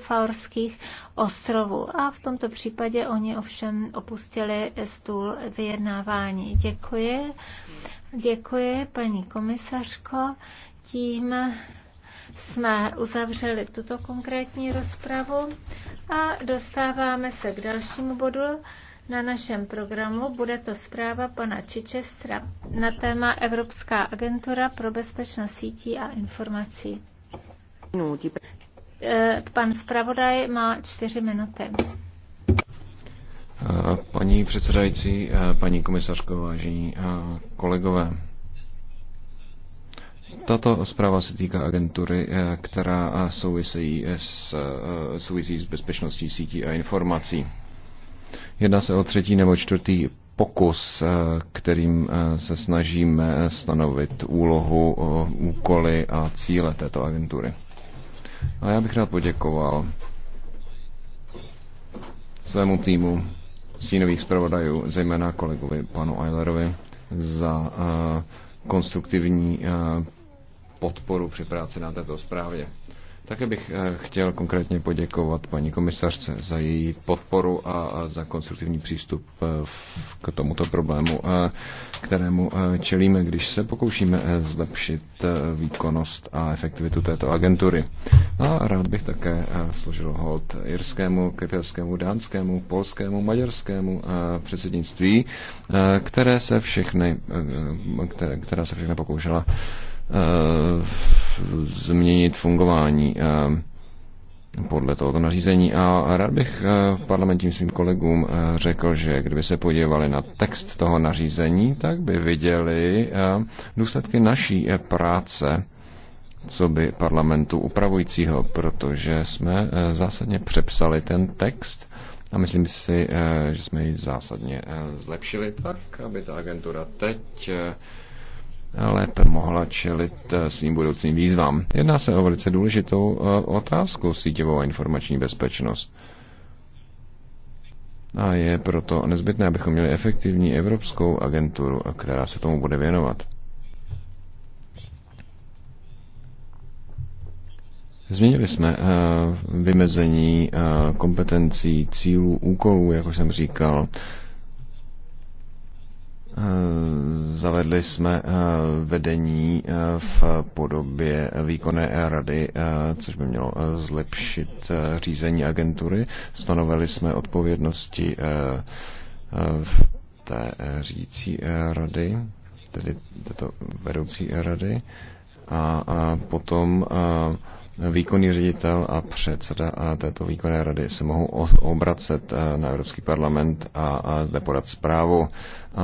Faorských ostrovů. A v tomto případě oni ovšem opustili stůl vyjednávání. Děkuji. Děkuji, paní komisařko. Tím jsme uzavřeli tuto konkrétní rozpravu a dostáváme se k dalšímu bodu na našem programu. Bude to zpráva pana Čičestra na téma Evropská agentura pro bezpečnost sítí a informací. Eh, pan zpravodaj má čtyři minuty. Eh, paní předsedající, eh, paní komisařko, vážení kolegové. Tato zpráva se týká agentury, která souvisí s, souvisí s bezpečností sítí a informací. Jedná se o třetí nebo čtvrtý pokus, kterým se snažíme stanovit úlohu, úkoly a cíle této agentury. A já bych rád poděkoval svému týmu stínových zpravodajů, zejména kolegovi panu Eilerovi, za uh, konstruktivní uh, podporu při práci na této zprávě. Také bych eh, chtěl konkrétně poděkovat paní komisařce za její podporu a za konstruktivní přístup eh, k tomuto problému, eh, kterému čelíme, když se pokoušíme zlepšit výkonnost a efektivitu této agentury. A rád bych také složil hold irskému, kyperskému, dánskému, polskému, maďarskému předsednictví, které se všechny, které, která se všechny pokoušela změnit fungování eh, podle tohoto nařízení. A rád bych eh, parlamentním svým kolegům eh, řekl, že kdyby se podívali na text toho nařízení, tak by viděli důsledky naší práce co by parlamentu upravujícího, protože jsme zásadně přepsali ten text a myslím si, že jsme ji zásadně zlepšili tak, aby ta agentura teď lépe mohla čelit eh, svým budoucím výzvám. Jedná se o velice důležitou eh, otázku sítěvou a informační bezpečnost. A je proto nezbytné, abychom měli efektivní evropskou agenturu, která se tomu bude věnovat. Změnili jsme eh, vymezení kompetencí, cílů, úkolů, jak už jsem říkal. Zavedli jsme eh, vedení eh, v podobě výkonné rady, eh, což by mělo zlepšit řízení agentury. Stanovili jsme odpovědnosti v té řídící rady, tedy této vedoucí rady. A potom výkonný ředitel a předseda této výkonné rady se mohou obracet eh, na Evropský parlament a zde podat zprávu,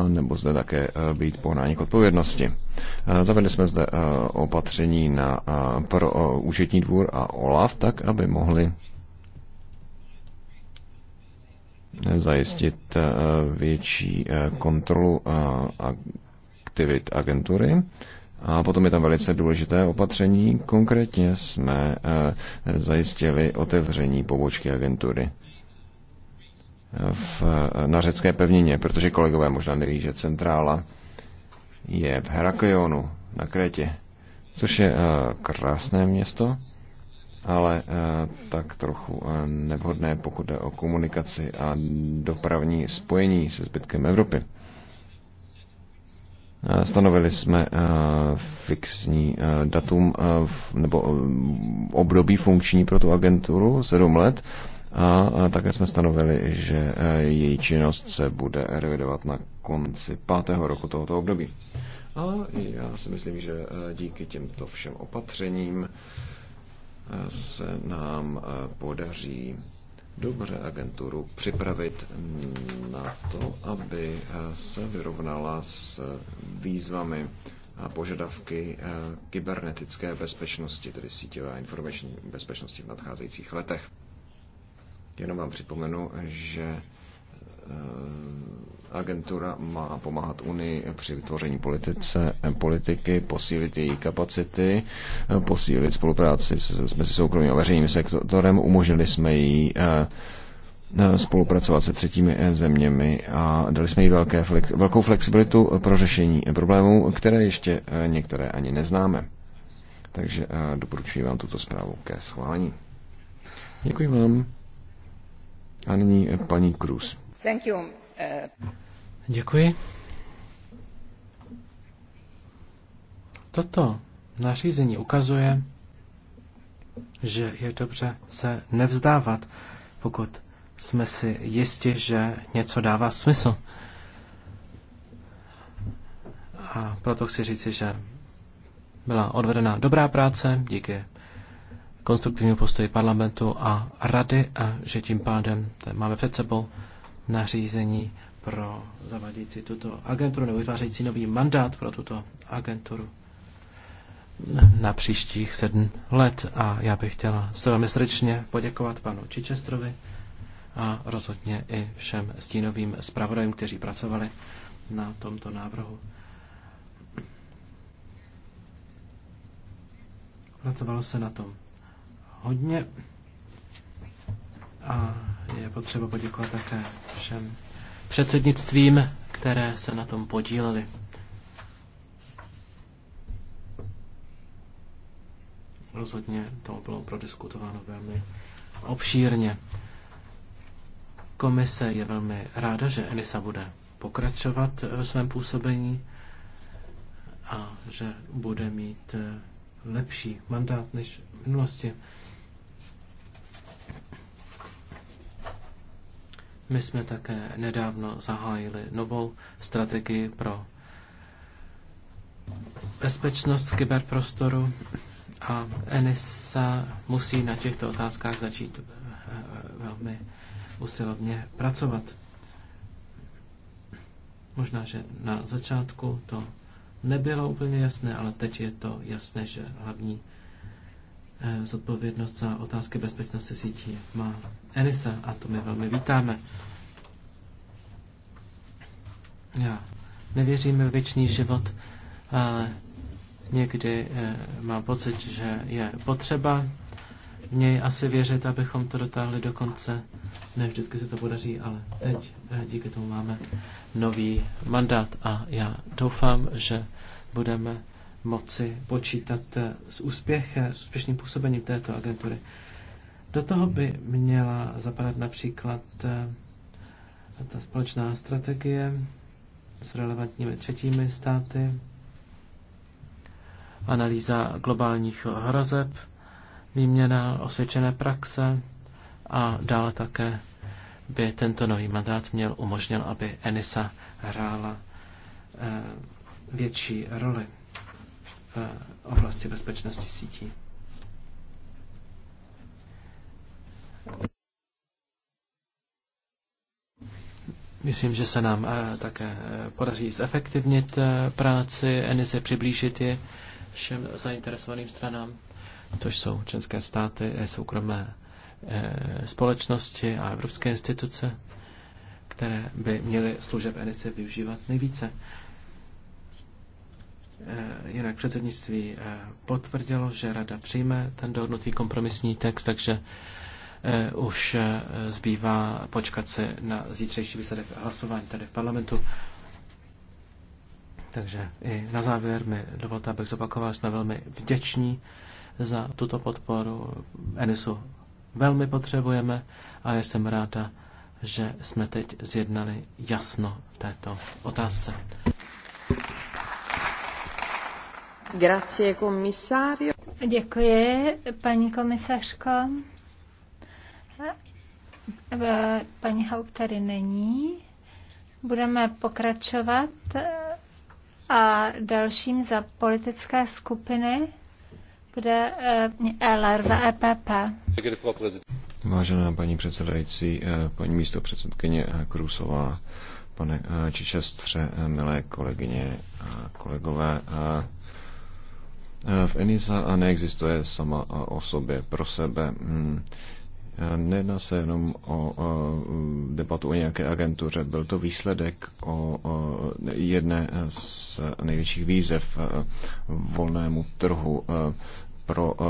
nebo zde také eh, být pohnání k odpovědnosti. Eh, zavedli jsme zde opatření na, pro účetní dvůr a OLAF, tak aby mohli zajistit větší kontrolu aktivit agentury a potom je tam velice důležité opatření. Konkrétně jsme eh, zajistili otevření pobočky agentury eh, v, eh, na řecké pevnině, protože kolegové možná neví, že centrála je v Heraklionu na Krétě, což je krásné město, ale tak trochu nevhodné, pokud jde o komunikaci a dopravní spojení se zbytkem Evropy. Stanovili jsme eh, fixní eh, datum eh, nebo období funkční pro tu agenturu, sedm let, a také jsme stanovili, že její činnost se bude revidovat na konci pátého roku tohoto období. A já si myslím, že díky těmto všem opatřením se nám podaří dobře agenturu připravit na to, aby se vyrovnala s výzvami a požadavky eh, kybernetické bezpečnosti, tedy síťové a informační bezpečnosti v nadcházejících letech. Jenom vám připomenu, že Eh, agentura má pomáhat Unii při vytvoření politice, eh, politiky, posílit její kapacity, eh, posílit spolupráci mezi soukromým a veřejným sektorem. Umožnili jsme jí spolupracovat se třetími zeměmi a dali jsme jí velké, velkou flexibilitu pro řešení problémů, které ještě některé ani neznáme. Takže doporučuji vám tuto zprávu ke schválení. Děkuji vám. A nyní paní Krus. Uh, Děkuji. Toto nařízení ukazuje, že je dobře se nevzdávat, pokud jsme si jistí, že něco dává smysl. A proto chci říci, že byla odvedena dobrá práce díky konstruktivnímu postoji parlamentu a rady a že tím pádem máme před sebou nařízení pro zavádějící tuto agenturu nebo vytvářející nový mandát pro tuto agenturu na příštích sedm let. A já bych chtěla se velmi srdečně poděkovat panu Čičestrovi a rozhodně i všem stínovým zpravodajům, kteří pracovali na tomto návrhu. Pracovalo se na tom hodně. A je potřeba poděkovat také všem předsednictvím, které se na tom podíleli. Rozhodně to bylo prodiskutováno velmi obšírně. Komise je velmi ráda, že Enisa bude pokračovat ve svém působení a že bude mít lepší mandát než v minulosti. My jsme také nedávno zahájili novou strategii pro bezpečnost v kyberprostoru a ENISA musí na těchto otázkách začít eh, velmi usilovně pracovat. Možná, že na začátku to nebylo úplně jasné, ale teď je to jasné, že hlavní eh, zodpovědnost za otázky bezpečnosti sítí má Enisa a to my velmi vítáme. Já nevěřím v věčný život, ale někdy e, mám pocit, že je potřeba v něj asi věřit, abychom to dotáhli do konce. Ne vždycky se to podaří, ale teď e, díky tomu máme nový mandát a já doufám, že budeme moci počítat e, s úspěchem, s úspěšným působením této agentury. Do toho by měla zapadat například eh, ta společná strategie s relevantními třetími státy, analýza globálních hrozeb, výměna osvědčené praxe a dále také by tento nový mandát měl umožnil, aby Enisa hrála eh, větší roli v eh, oblasti bezpečnosti sítí. Myslím, že se nám eh, také eh, podaří zefektivnit eh, práci Enise, přiblížit ji všem zainteresovaným stranám, což jsou členské státy, soukromé společnosti a evropské instituce, které by měly služeb Enise využívat nejvíce. Jinak předsednictví potvrdilo, že rada přijme ten dohodnutý kompromisní text, takže Eh, už eh, zbývá počkat se na zítřejší výsledek hlasování tady v parlamentu. Takže i na závěr mi dovolte, abych zopakoval, jsme velmi vděční za tuto podporu. Enisu velmi potřebujeme a já jsem ráda, že jsme teď zjednali jasno v této otázce. Grazie, komisario. Děkuji, paní komisařko. Paní Hauk tady není. Budeme pokračovat eh, a dalším za politické skupiny bude eh, LR za EPP. Vážená paní předsedající, eh, paní místo předsedkyně Krusová, pane Čičestře, milé kolegyně a kolegové, v Enisa neexistuje sama o sobě pro sebe. Hmm. Nejedná se jenom o, o debatu o nějaké agentuře. Byl to výsledek o, o jedné z největších výzev e, volnému trhu e, pro e,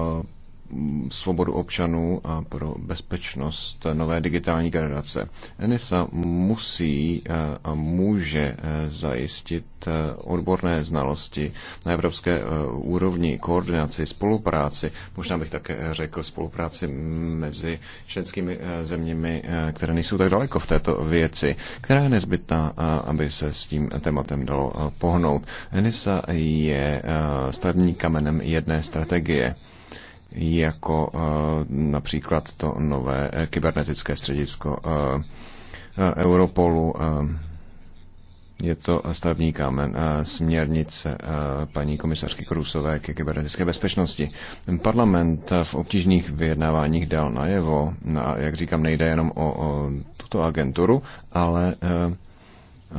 svobodu občanů a pro bezpečnost nové digitální generace. Enisa musí eh, a může eh, zajistit eh, odborné znalosti na evropské úrovni, koordinaci, spolupráci, možná bych také řekl spolupráci mezi členskými zeměmi, které nejsou tak daleko v této věci, která je nezbytná, aby se s tím tématem dalo pohnout. Enisa je stavní kamenem jedné strategie jako eh, například to nové eh, kybernetické středisko eh, Europolu. Je to stavební kámen směrnice paní komisařky Krusové ke kybernetické bezpečnosti. Parlament v obtížných vyjednáváních dal najevo, no a jak říkám, nejde jenom o, o tuto agenturu, ale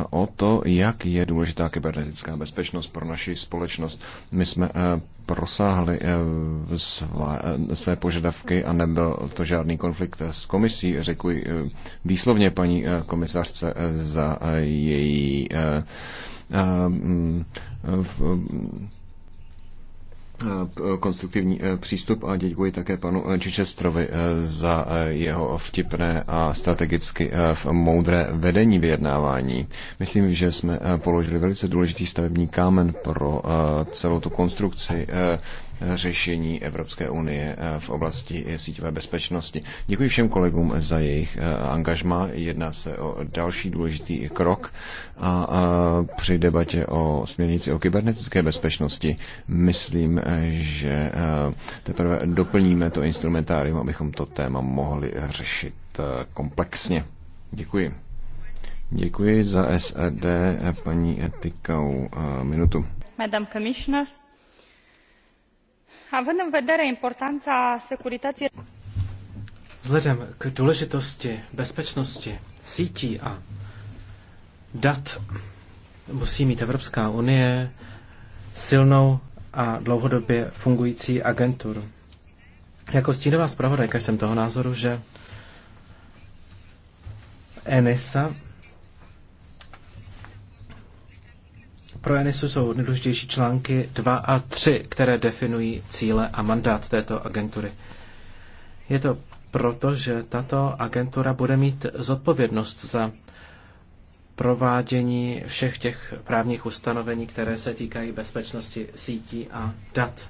o to, jak je důležitá kybernetická bezpečnost pro naši společnost. My jsme prosáhli eh, eh, své požadavky a nebyl to žádný konflikt s komisí. Řekuji eh, výslovně paní komisařce za její mm, Eh, konstruktivní eh, přístup a děkuji také panu Čičestrovi eh, za jeho vtipné a strategicky v moudré vedení vyjednávání. Myslím, že jsme položili velice důležitý stavební kámen pro celou tu konstrukci řešení Evropské unie v oblasti síťové bezpečnosti. Děkuji všem kolegům za jejich angažma. Jedná se o další důležitý krok a při debatě o směrnici o kybernetické bezpečnosti myslím, že eh, teprve doplníme to instrumentárium, abychom to téma mohli řešit eh, komplexně. Děkuji. Děkuji za SED eh, paní Etikou minutu. Madam Commissioner, având în vedere importanța securității... Vzhledem k důležitosti bezpečnosti sítí a dat musí mít Evropská unie silnou a dlouhodobě fungující agenturu. Jako stínová zpravodajka jsem toho názoru, že ENISA pro ENISu jsou nejdůležitější články 2 a 3, které definují cíle a mandát této agentury. Je to proto, že tato agentura bude mít zodpovědnost za provádění všech těch právních ustanovení, které se týkají bezpečnosti sítí a dat.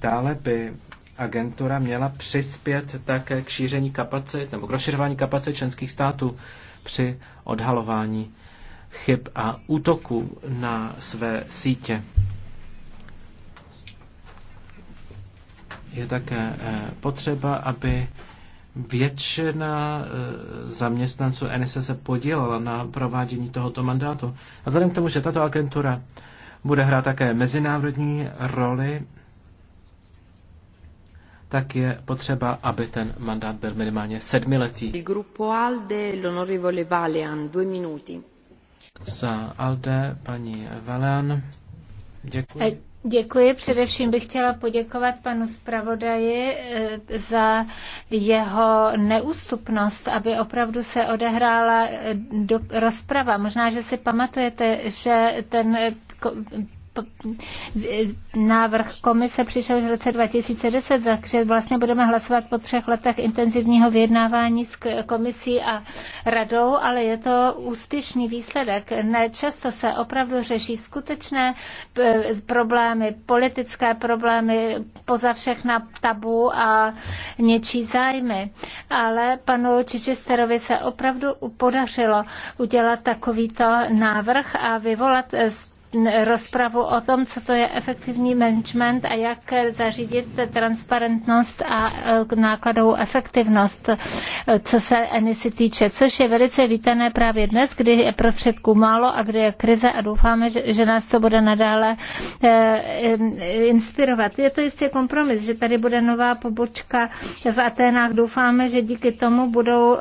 Dále by agentura měla přispět také k šíření kapacit nebo k rozšiřování kapacit členských států při odhalování chyb a útoků na své sítě. Je také eh, potřeba, aby většina eh, zaměstnanců NSA se podílela na provádění tohoto mandátu. A vzhledem k tomu, že tato agentura bude hrát také mezinárodní roli, tak je potřeba, aby ten mandát byl minimálně sedmiletý. ALDE, Za ALDE paní Valean. Děkuji. Eh, Děkuji. Především bych chtěla poděkovat panu zpravodaji eh, za jeho neústupnost, aby opravdu se odehrála eh, do, rozprava. Možná, že si pamatujete, že ten návrh komise přišel v roce 2010, takže vlastně budeme hlasovat po třech letech intenzivního vyjednávání s komisí a radou, ale je to úspěšný výsledek. Nečasto se opravdu řeší skutečné problémy, politické problémy, poza všechna tabu a něčí zájmy. Ale panu Čičesterovi se opravdu podařilo udělat takovýto návrh a vyvolat rozpravu o tom, co to je efektivní management a jak zařídit transparentnost a eh, nákladovou efektivnost, eh, co se emisy týče, což je velice vítané právě dnes, kdy je prostředků málo a kdy je krize a doufáme, že nás to bude nadále eh, inspirovat. Je to jistě kompromis, že tady bude nová pobočka v Aténách. Doufáme, že díky tomu budou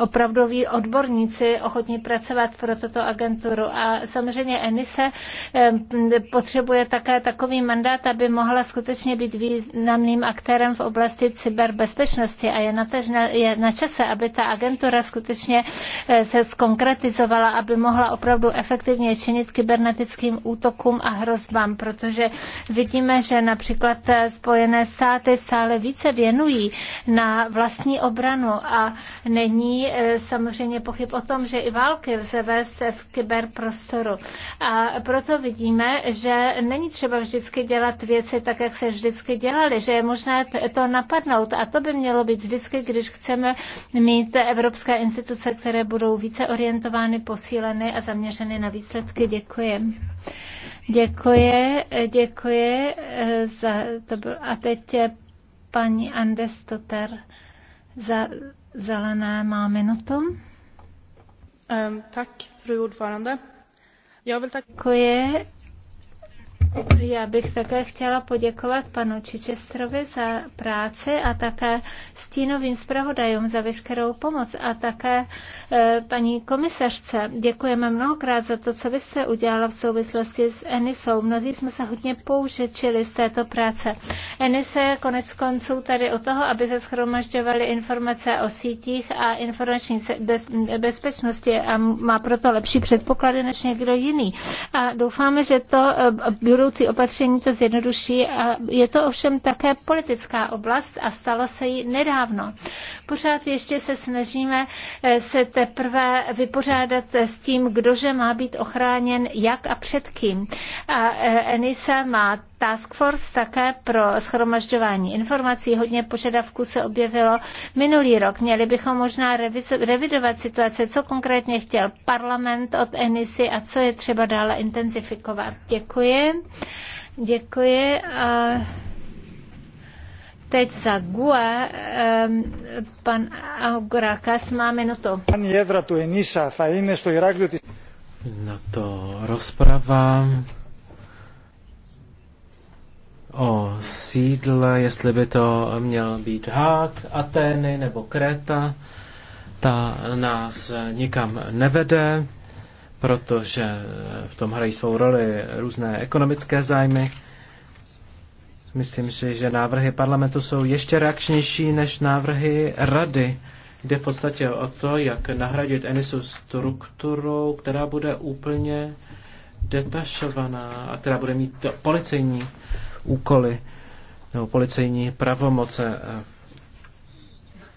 opravdoví odborníci ochotní pracovat pro tuto agenturu. A samozřejmě emise Eh, potřebuje také takový mandát, aby mohla skutečně být významným aktérem v oblasti cyberbezpečnosti a je na, tež, je na čase, aby ta agentura skutečně eh, se skonkretizovala, aby mohla opravdu efektivně činit kybernetickým útokům a hrozbám, protože vidíme, že například eh, Spojené státy stále více věnují na vlastní obranu a není samozřejmě pochyb o tom, že i války lze vést v kyberprostoru. A proto vidíme, že není třeba vždycky dělat věci tak, jak se vždycky dělali, že je možné to napadnout. A to by mělo být vždycky, když chceme mít evropské instituce, které budou více orientovány, posíleny a zaměřeny na výsledky. Děkuji. Děkuji, děkuji. Eh, za, to byl, a teď je paní Andestoter za zelené má minutu. Um, tak, fru ordförande. Jag vill tacka... Děkuji. Já bych také chtěla poděkovat panu Čičestrovi za práci a také stínovým zpravodajům za veškerou pomoc a také eh, paní komisařce. Děkujeme mnohokrát za to, co vy jste udělala v souvislosti s Enisou. Mnozí jsme se hodně použečili z této práce. Enise je konec konců tady o toho, aby se schromažďovaly informace o sítích a informační bezpečnosti a má proto lepší předpoklady než někdo jiný. A doufáme, že to eh, budu budoucí opatření to zjednoduší. A je to ovšem také politická oblast a stalo se jí nedávno. Pořád ještě se snažíme eh, se teprve vypořádat s tím, kdože má být ochráněn, jak a před kým. A eh, Enisa má Task Force také pro schromažďování informací. Hodně požadavků se objevilo minulý rok. Měli bychom možná revidovat situace, co konkrétně chtěl parlament od Enisy a co je třeba dále intenzifikovat. Děkuji. Děkuji. A teď za GUE pan Agurakas má minutu. Na to rozprava o sídle, jestli by to měl být Hák, Atény nebo Kréta. Ta nás nikam nevede, protože v tom hrají svou roli různé ekonomické zájmy. Myslím si, že návrhy parlamentu jsou ještě reakčnější než návrhy rady. Jde v podstatě o to, jak nahradit Enisu strukturou, která bude úplně detašovaná a která bude mít policejní úkoly nebo policejní pravomoce. Eh,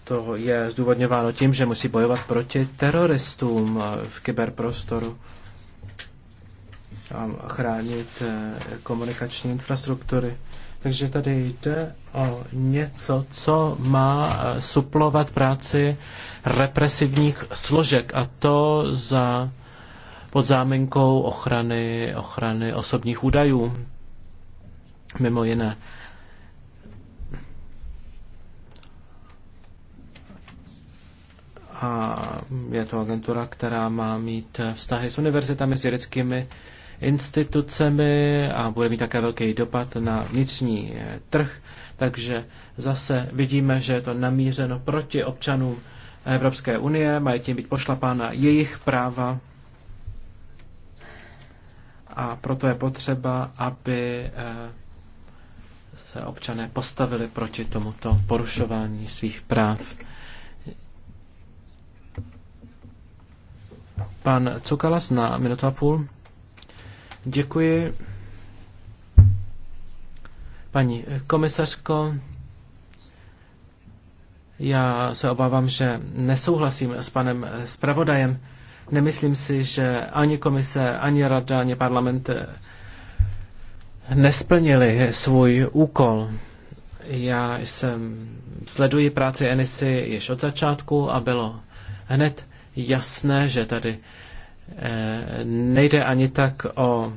to je zdůvodňováno tím, že musí bojovat proti teroristům eh, v kyberprostoru a chránit eh, komunikační infrastruktury. Takže tady jde o něco, co má suplovat práci represivních složek a to za pod záminkou ochrany, ochrany osobních údajů mimo jiné. A je to agentura, která má mít vztahy s univerzitami, s vědeckými institucemi a bude mít také velký dopad na vnitřní eh, trh. Takže zase vidíme, že je to namířeno proti občanům Evropské unie, mají tím být pošlapána jejich práva a proto je potřeba, aby eh, se občané postavili proti tomuto porušování svých práv. Pan Cukalas na minutu a půl. Děkuji. Paní komisařko, já se obávám, že nesouhlasím s panem zpravodajem. Nemyslím si, že ani komise, ani rada, ani parlament nesplnili svůj úkol. Já jsem sleduji práci Enisy již od začátku a bylo hned jasné, že tady eh, nejde ani tak o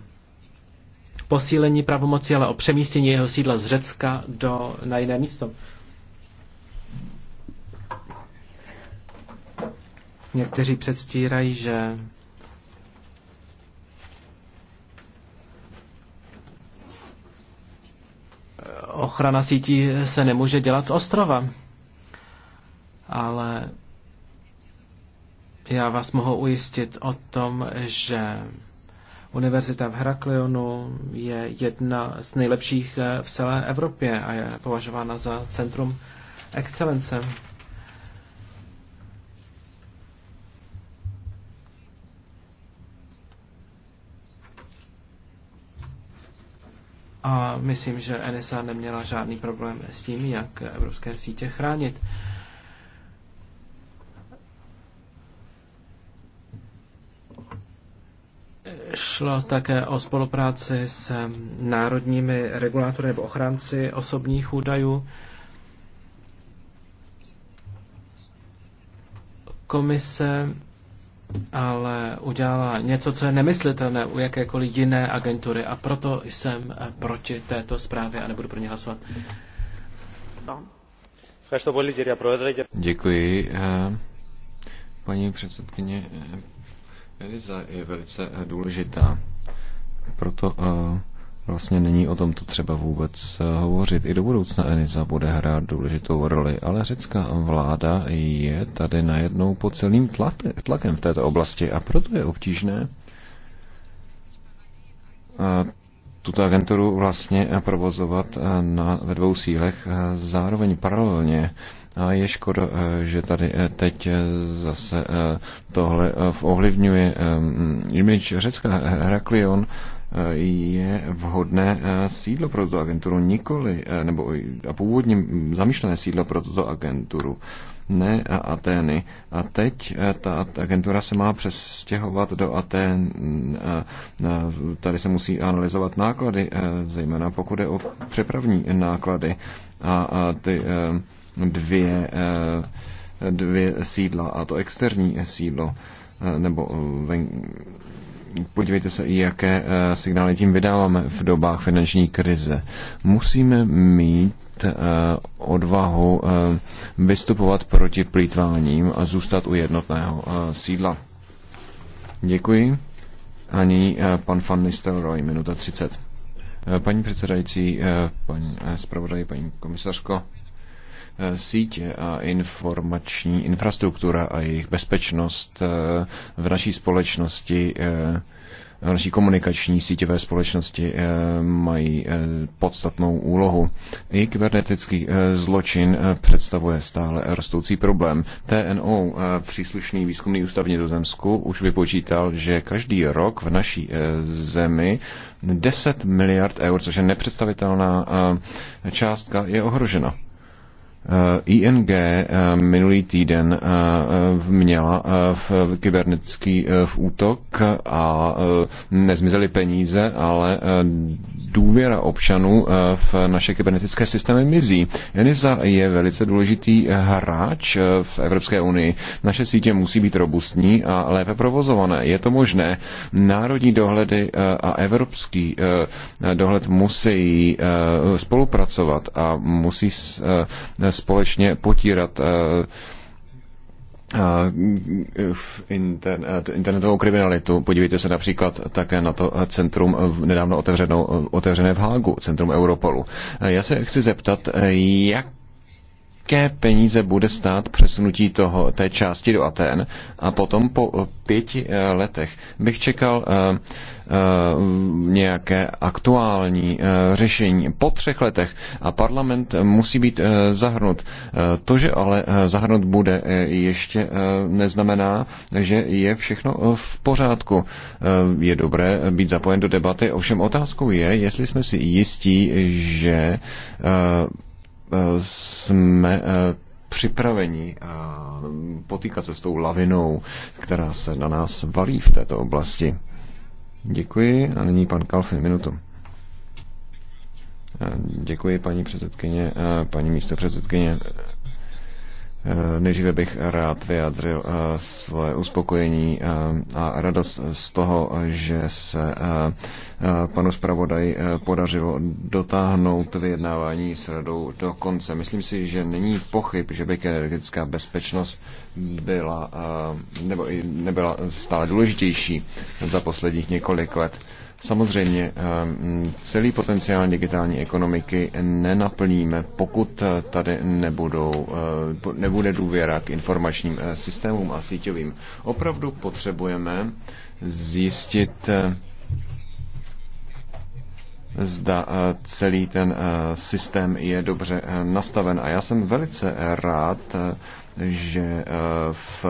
posílení pravomoci, ale o přemístění jeho sídla z Řecka do, na jiné místo. Někteří předstírají, že ochrana sítí se nemůže dělat z ostrova. Ale já vás mohu ujistit o tom, že Univerzita v Heraklionu je jedna z nejlepších v celé Evropě a je považována za centrum excelence. a myslím, že NSA neměla žádný problém s tím, jak evropské sítě chránit. Šlo také o spolupráci s národními regulátory nebo ochránci osobních údajů. Komise ale udělala něco, co je nemyslitelné u jakékoliv jiné agentury a proto jsem eh, proti této zprávě a nebudu pro ně hlasovat. Děkuji. Eh, paní předsedkyně, Eliza je velice eh, důležitá. Proto uh, vlastně není o tomto třeba vůbec eh, hovořit. I do budoucna Eniza bude hrát důležitou roli, ale řecká vláda je tady najednou pod celým tlakem v této oblasti a proto je obtížné eh, tuto agenturu vlastně provozovat eh, na, ve dvou sílech zároveň paralelně. A je škoda, že tady teď zase tohle ovlivňuje image řecká Heraklion je vhodné eh, sídlo pro tuto agenturu, nikoli, eh, nebo a původně mm, zamýšlené sídlo pro tuto agenturu, ne Atény. A teď eh, ta agentura se má přestěhovat do Atén. Mm, tady se musí analyzovat náklady, zejména pokud je o přepravní náklady. A ty dvě, dvě sídla, a to externí sídlo, nebo ven, podívejte se, jaké eh, signály tím vydáváme v dobách finanční krize. Musíme mít eh, odvahu eh, vystupovat proti plítváním a zůstat u jednotného sídla. Děkuji. A nyní pan Van Nistelrooy, minuta 30. Paní předsedající, paní zpravodaj, paní komisařko, Eh, sítě a informační infrastruktura a jejich bezpečnost eh, v naší společnosti eh, v naší komunikační sítěvé společnosti mají podstatnou úlohu. I kybernetický zločin představuje stále rostoucí problém. TNO, příslušný výzkumný ústav v Nizozemsku, už vypočítal, že každý rok v naší zemi 10 miliard eur, což je nepředstavitelná částka, je ohrožena. Eh, ING eh, minulý týden eh, měla v kybernetický v útok a nezmizely peníze, ale důvěra občanů v naše kybernetické systémy mizí. Enisa je velice důležitý hráč v Evropské unii. Naše sítě musí být robustní a lépe provozované. Je to možné. Národní dohledy a evropský dohled musí spolupracovat a musí společně potírat eh, eh, eh, internetovou kriminalitu. Podívejte se například také na to centrum nedávno otevřené v Hágu, centrum Europolu. Já se chci zeptat, jak jaké peníze bude stát přesunutí toho, té části do Aten. A potom po eh, pěti eh, letech bych čekal eh, nějaké aktuální řešení. Po třech letech a parlament musí být zahrnut. To, že ale zahrnut bude, ještě neznamená, že je všechno v pořádku. Je dobré být zapojen do debaty, ovšem otázkou je, jestli jsme si jistí, že jsme eh, připraveni potýkat se s tou lavinou, která se na nás valí v této oblasti. Děkuji a nyní pan Kalfin, minutu. Eh, děkuji paní předsedkyně, eh, paní předsedkyně. Eh, nejdříve bych rád vyjádřil eh, svoje uspokojení eh, a radost z toho, že se panu zpravodaji podařilo dotáhnout vyjednávání s radou do konce. Myslím si, že není pochyb, že by energetická bezpečnost byla, nebo nebyla stále důležitější za posledních několik let. Samozřejmě eh, celý potenciál digitální ekonomiky nenaplníme, pokud eh, tady nebudou, eh, nebude důvěra k informačním systémům a síťovým. Opravdu potřebujeme zjistit, zda celý ten systém je dobře nastaven. A já jsem velice rád, že v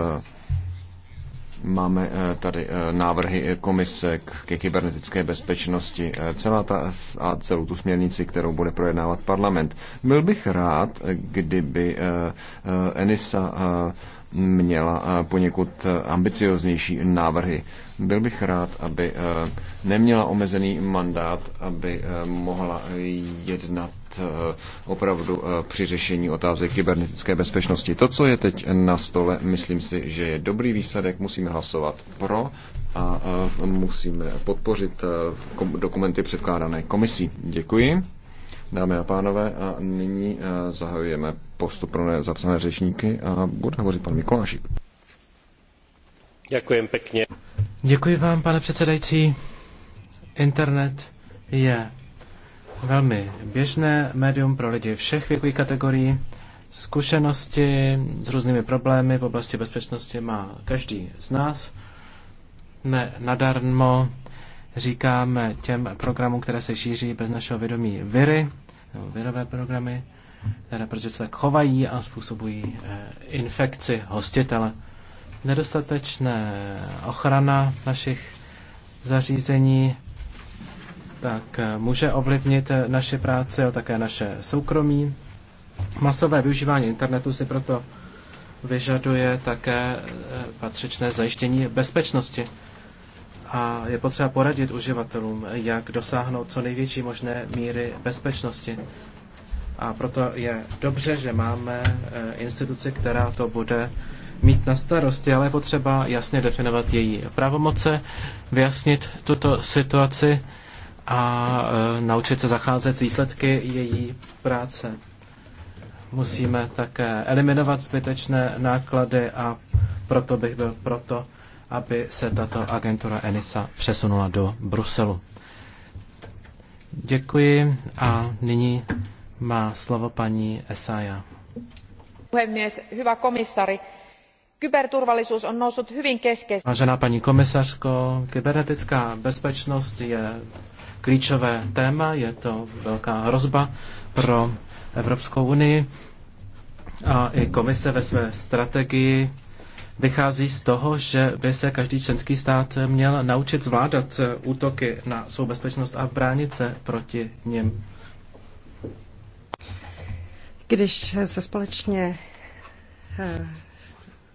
Máme eh, tady eh, návrhy komise ke kybernetické bezpečnosti eh, celá ta, a celou tu směrnici, kterou bude projednávat parlament. Byl bych rád, kdyby Enisa měla poněkud ambicioznější návrhy. Byl bych rád, aby eh, neměla omezený mandát, aby eh, mohla jednat eh, opravdu při řešení otázek kybernetické bezpečnosti. To, co je teď na stole, myslím si, že je dobrý výsledek, musíme hlasovat pro a musíme podpořit dokumenty předkládané komisí. Děkuji. Dámy a pánové, a nyní zahajujeme postup pro nezapsané řečníky a bude hovořit pan Mikolášik. Děkuji vám, pane předsedající. Internet je velmi běžné médium pro lidi všech věkových kategorií. Zkušenosti s různými problémy v oblasti bezpečnosti má každý z nás. Ne nadarmo říkáme těm programům, které se šíří bez našeho vědomí viry, nebo virové programy, které protože se tak chovají a způsobují eh, infekci hostitele nedostatečné ochrana našich zařízení tak eh, může ovlivnit eh, naše práce a také naše soukromí. Masové využívání internetu si proto vyžaduje také eh, patřičné zajištění bezpečnosti. A je potřeba poradit uživatelům, jak dosáhnout co největší možné míry bezpečnosti. A proto je dobře, že máme instituci, která to bude mít na starosti, ale je potřeba jasně definovat její pravomoce, vyjasnit tuto situaci a e, naučit se zacházet s výsledky její práce. Musíme také eliminovat zbytečné náklady a proto bych byl proto, aby se tato agentura ENISA přesunula do Bruselu. Děkuji a nyní má slovo paní Esaja. Puhemies, hyvä komissari, Kyberturvallisuus on noussut hyvin keskeisesti. Vážená paní komisařko, kybernetická bezpečnost je klíčové téma, je to velká hrozba pro Evropskou unii a i komise ve své strategii vychází z toho, že by se každý členský stát měl naučit zvládat útoky na svou bezpečnost a bránit se proti něm. Když se společně eh,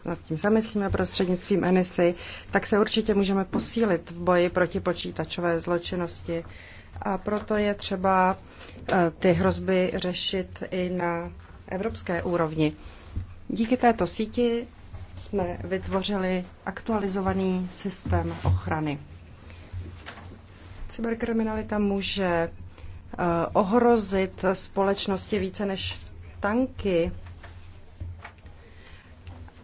nad tím zamyslíme prostřednictvím Enisy, tak se určitě můžeme posílit v boji proti počítačové zločinnosti. A proto je třeba eh, ty hrozby řešit i na evropské úrovni. Díky této síti jsme vytvořili aktualizovaný systém ochrany. Cyberkriminalita může eh, ohrozit společnosti více než tanky,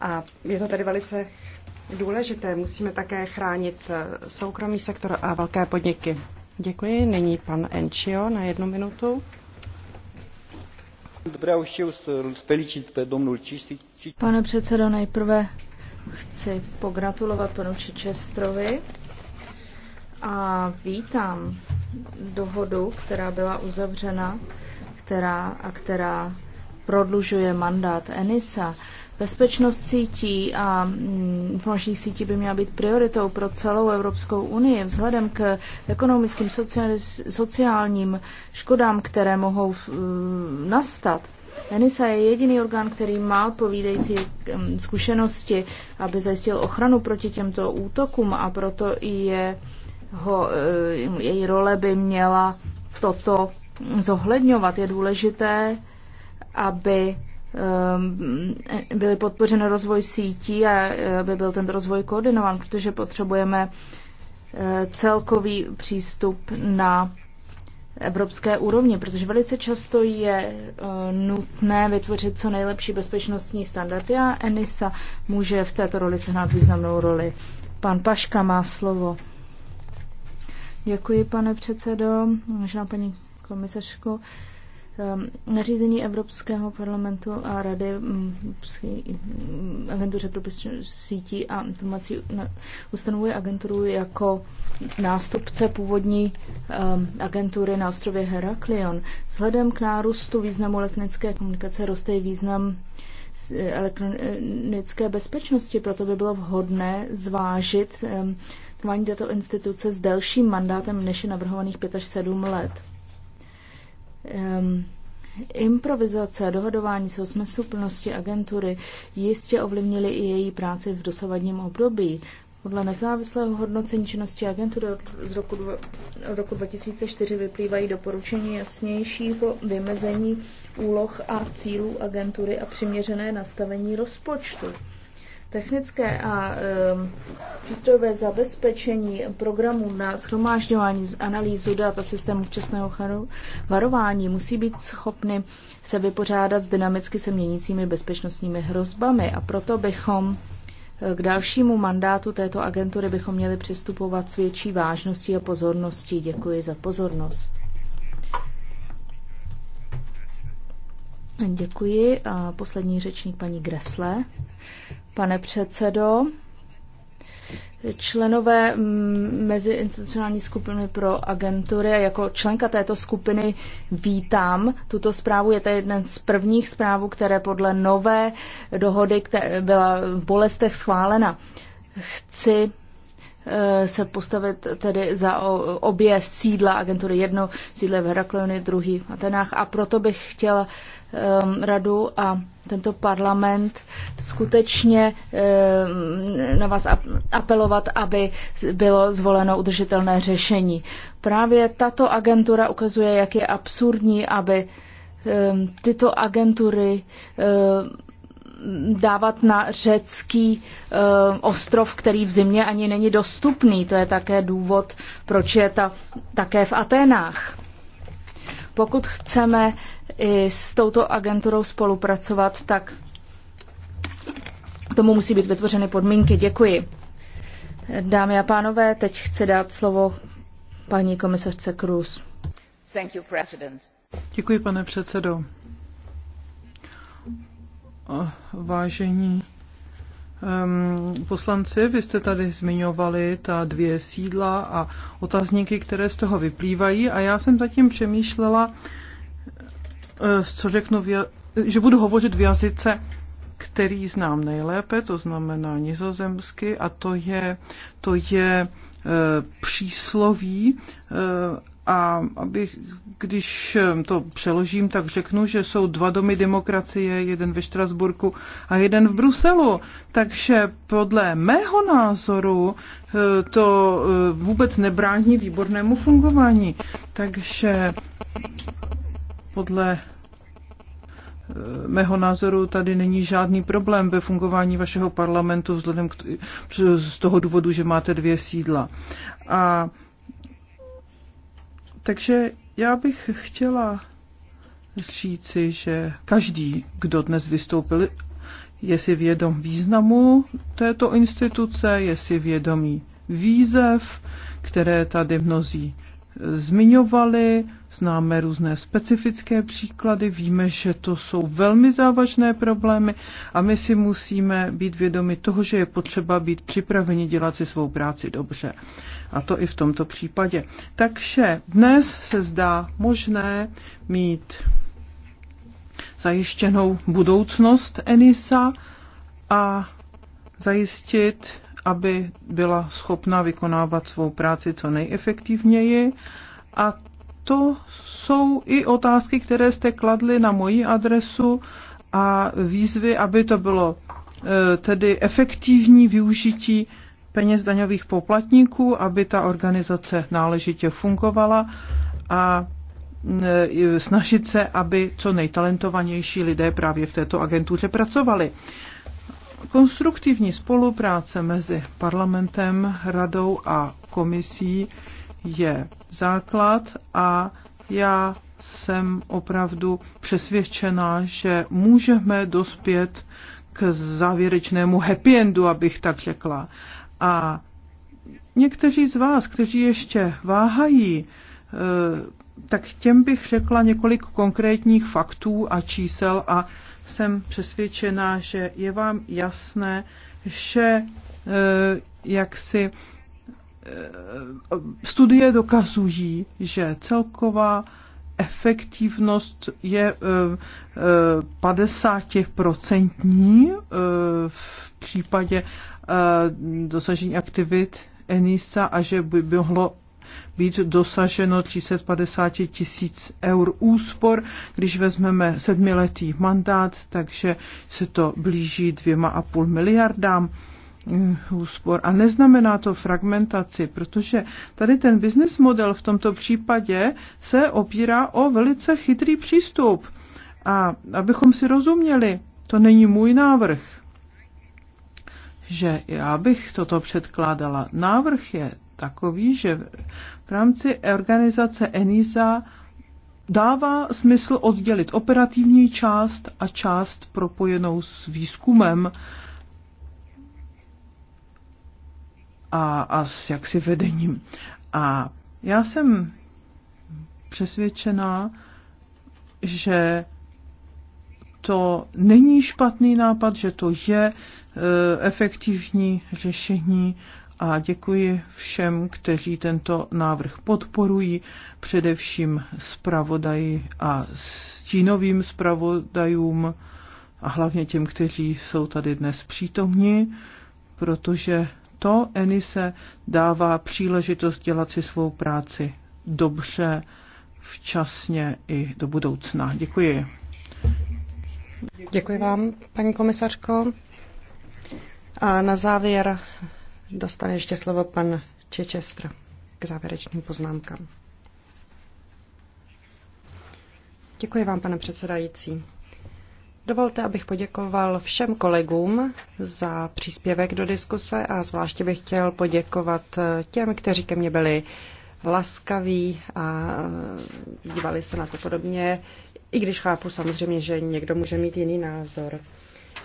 a je to tedy velice důležité. Musíme také chránit eh, soukromý sektor a velké podniky. Děkuji. Nyní pan Enčio na jednu minutu. Pane předsedo, nejprve chci pogratulovat panu Čičestrovi a vítám dohodu, která byla uzavřena která, a která prodlužuje mandát ENISA. Bezpečnost sítí a mm, informačních sítí by měla být prioritou pro celou Evropskou unii vzhledem k ekonomickým sociálním škodám, které mohou mm, nastat. ENISA je jediný orgán, který má odpovídající mm, zkušenosti, aby zajistil ochranu proti těmto útokům a proto i je, ho, její role by měla toto zohledňovat. Je důležité, aby Ehm, byly podpořeny rozvoj sítí a eh, by byl ten rozvoj koordinován, protože potřebujeme eh, celkový přístup na evropské úrovni, protože velice často je eh, nutné vytvořit co nejlepší bezpečnostní standardy a ENISA může v této roli sehnat významnou roli. Pan Paška má slovo. Děkuji, pane předsedo, možná paní komisařku Um, nařízení Evropského parlamentu a Rady um, agentuře pro sítí a informací ustanovuje agenturu jako nástupce původní um, agentury na ostrově Heraklion. Vzhledem k nárůstu významu elektronické komunikace roste i význam eh, elektronické bezpečnosti, proto by bylo vhodné zvážit trvání této instituce s delším mandátem než je navrhovaných 5 až 7 let Um, improvizace a dohodování se o smysluplnosti agentury jistě ovlivnily i její práci v dosavadním období. Podle nezávislého hodnocení činnosti agentury z roku, roku 2004 vyplývají doporučení jasnějšího vymezení úloh a cílů agentury a přiměřené nastavení rozpočtu. Technické a přístrojové zabezpečení programů na schromážďování z analýzu dat a systému včasného varování musí být schopny se vypořádat s dynamicky se měnícími bezpečnostními hrozbami a proto bychom e, k dalšímu mandátu této agentury bychom měli přistupovat s větší vážností a pozorností. Děkuji za pozornost. Děkuji. A poslední řečník paní Gresle. Pane předsedo, členové mm, meziinstitucionální skupiny pro agentury. a Jako členka této skupiny vítám tuto zprávu. Je to jeden z prvních zprávů, které podle nové dohody, která byla v bolestech schválena. Chci e, se postavit tedy za obě sídla agentury. Jedno sídlo v Heraklionu, druhý v Atenách a proto bych chtěla um, radu a tento parlament skutečně um, na vás apelovat, aby bylo zvoleno udržitelné řešení. Právě tato agentura ukazuje, jak je absurdní, aby um, tyto agentury um, dávat na řecký um, ostrov, který v zimě ani není dostupný. To je také důvod, proč je ta také v Aténách. Pokud chceme i s touto agenturou spolupracovat, tak tomu musí být vytvořeny podmínky. Děkuji. Dámy a pánové, teď chci dát slovo paní komisařce Cruz. Thank you, President. Děkuji, pane předsedo. Vážení um, poslanci, vy jste tady zmiňovali ta dvě sídla a otazníky, které z toho vyplývají a já jsem zatím přemýšlela, Eh, co řeknu, že budu hovořit v jazyce, který znám nejlépe, to znamená nizozemsky, a to je, to je eh, přísloví eh, a abych, když to přeložím, tak řeknu, že jsou dva domy demokracie, jeden ve Štrasburku a jeden v Bruselu. Takže podle mého názoru to vůbec nebrání výbornému fungování. Takže podle eh, mého názoru tady není žádný problém ve fungování vašeho parlamentu vzhledem k, z toho důvodu, že máte dvě sídla. A takže já bych chtěla říci, že každý, kdo dnes vystoupil, je si vědom významu této instituce, je si vědomí výzev, které tady mnozí zmiňovali, známe různé specifické příklady, víme, že to jsou velmi závažné problémy a my si musíme být vědomi toho, že je potřeba být připraveni dělat si svou práci dobře. A to i v tomto případě. Takže dnes se zdá možné mít zajištěnou budoucnost Enisa a zajistit aby byla schopna vykonávat svou práci co nejefektivněji. A to jsou i otázky, které jste kladli na moji adresu a výzvy, aby to bylo e, tedy efektivní využití peněz daňových poplatníků, aby ta organizace náležitě fungovala a e, snažit se, aby co nejtalentovanější lidé právě v této agentuře pracovali. Konstruktivní spolupráce mezi parlamentem, radou a komisí je základ a já jsem opravdu přesvědčená, že můžeme dospět k závěrečnému happy endu, abych tak řekla. A někteří z vás, kteří ještě váhají, eh, tak těm bych řekla několik konkrétních faktů a čísel a jsem přesvědčena, že je vám jasné, že eh, jak si eh, studie dokazují, že celková efektivnost je 50% eh, v případě dosažení aktivit ENISA a že by mohlo být dosaženo 350 tisíc eur úspor, když vezmeme sedmiletý mandát, takže se to blíží dvěma a půl miliardám eh, úspor. A neznamená to fragmentaci, protože tady ten business model v tomto případě se opírá o velice chytrý přístup. A abychom si rozuměli, to není můj návrh, že já bych toto předkládala. Návrh je takový, že v rámci organizace ENISA dává smysl oddělit operativní část a část propojenou s výzkumem a, a s jaksi vedením. A já jsem přesvědčená, že to není špatný nápad, že to je e, efektivní řešení a děkuji všem, kteří tento návrh podporují, především zpravodaji a stínovým zpravodajům a hlavně těm, kteří jsou tady dnes přítomni, protože to Enise dává příležitost dělat si svou práci dobře, včasně i do budoucna. Děkuji. Děkuji vám, paní komisařko. A na závěr dostane ještě slovo pan Čečestr k závěrečným poznámkám. Děkuji vám, pane předsedající. Dovolte, abych poděkoval všem kolegům za příspěvek do diskuse a zvláště bych chtěl poděkovat těm, kteří ke mně byli laskaví a dívali se na to podobně, i když chápu samozřejmě, že někdo může mít jiný názor.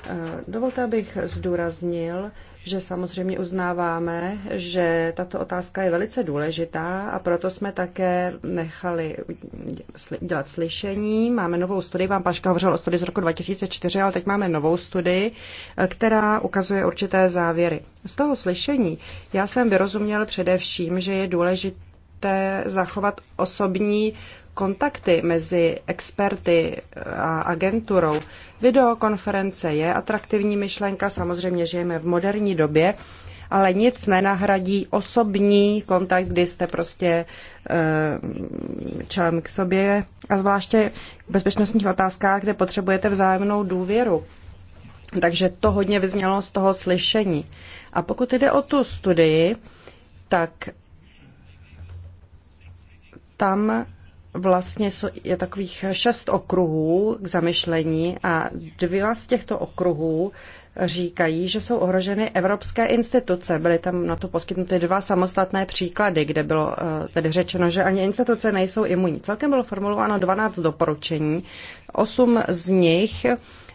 Eh, dovolte, abych zdůraznil, že samozřejmě uznáváme, že tato otázka je velice důležitá a proto jsme také nechali dělat slyšení. Máme novou studii, vám Paška hovořil o studii z roku 2004, ale teď máme novou studii, eh, která ukazuje určité závěry. Z toho slyšení já jsem vyrozuměl především, že je důležité zachovat osobní kontakty mezi experty a agenturou. Videokonference je atraktivní myšlenka, samozřejmě žijeme v moderní době, ale nic nenahradí osobní kontakt, kdy jste prostě eh, čelem k sobě a zvláště v bezpečnostních otázkách, kde potřebujete vzájemnou důvěru. Takže to hodně vyznělo z toho slyšení. A pokud jde o tu studii, tak tam vlastně je takových šest okruhů k zamyšlení a dva z těchto okruhů říkají, že jsou ohroženy evropské instituce. Byly tam na to poskytnuty dva samostatné příklady, kde bylo eh, tedy řečeno, že ani instituce nejsou imunní. Celkem bylo formulováno 12 doporučení. Osm z nich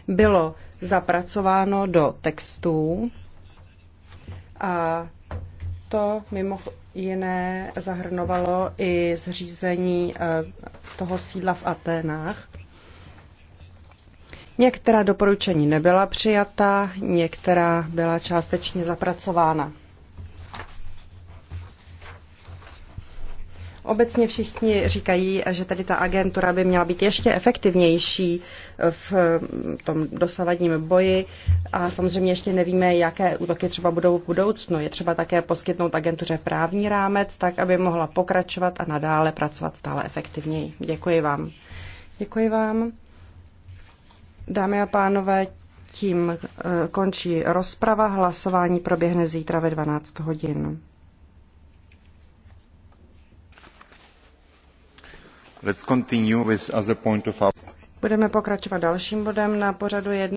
bylo zapracováno do textů a to mimo jiné zahrnovalo i zřízení eh, toho sídla v Aténách. Některá doporučení nebyla přijata, některá byla částečně zapracována. Obecně všichni říkají, že tady ta agentura by měla být ještě efektivnější v tom dosavadním boji a samozřejmě ještě nevíme, jaké útoky třeba budou v budoucnu. Je třeba také poskytnout agentuře právní rámec, tak aby mohla pokračovat a nadále pracovat stále efektivněji. Děkuji vám. Děkuji vám. Dámy a pánové, tím eh, končí rozprava. Hlasování proběhne zítra ve 12 hodin. Let's continue with other point of our... Budeme pokračovat dalším bodem na pořadu jednání.